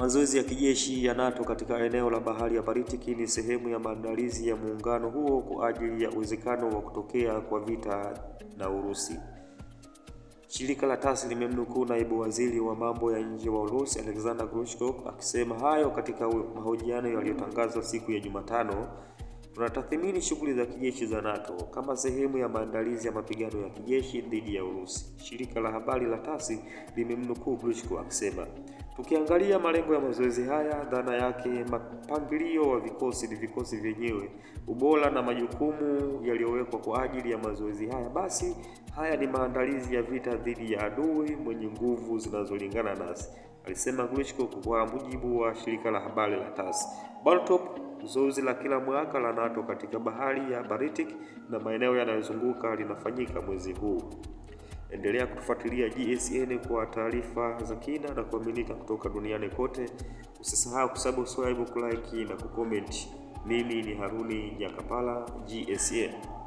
Mazoezi ya kijeshi ya NATO katika eneo la bahari ya Baltiki ni sehemu ya maandalizi ya muungano huo kwa ajili ya uwezekano wa kutokea kwa vita na Urusi. Shirika la TASS limemnukuu naibu waziri wa mambo ya nje wa Urusi Alexander Grushko akisema hayo katika mahojiano yaliyotangazwa siku ya Jumatano Tunatathmini shughuli za kijeshi za NATO kama sehemu ya maandalizi ya mapigano ya kijeshi dhidi ya Urusi. Shirika la habari la tasi limemnukuu Grushko akisema, tukiangalia malengo ya mazoezi haya, dhana yake, mpangilio wa vikosi, ni vikosi vyenyewe, ubora na majukumu yaliyowekwa kwa ajili ya mazoezi haya, basi haya ni maandalizi ya vita dhidi ya adui mwenye nguvu zinazolingana nasi, alisema Grushko, kwa mujibu wa shirika la habari la TASS. Baltop Zoezi la kila mwaka la NATO katika bahari ya Baltic na maeneo yanayozunguka linafanyika mwezi huu. Endelea kutufuatilia GSN kwa taarifa za kina na kuaminika kutoka duniani kote. Usisahau kusubscribe, kulike na kucomment. Mimi ni Haruni nyakapala GSN.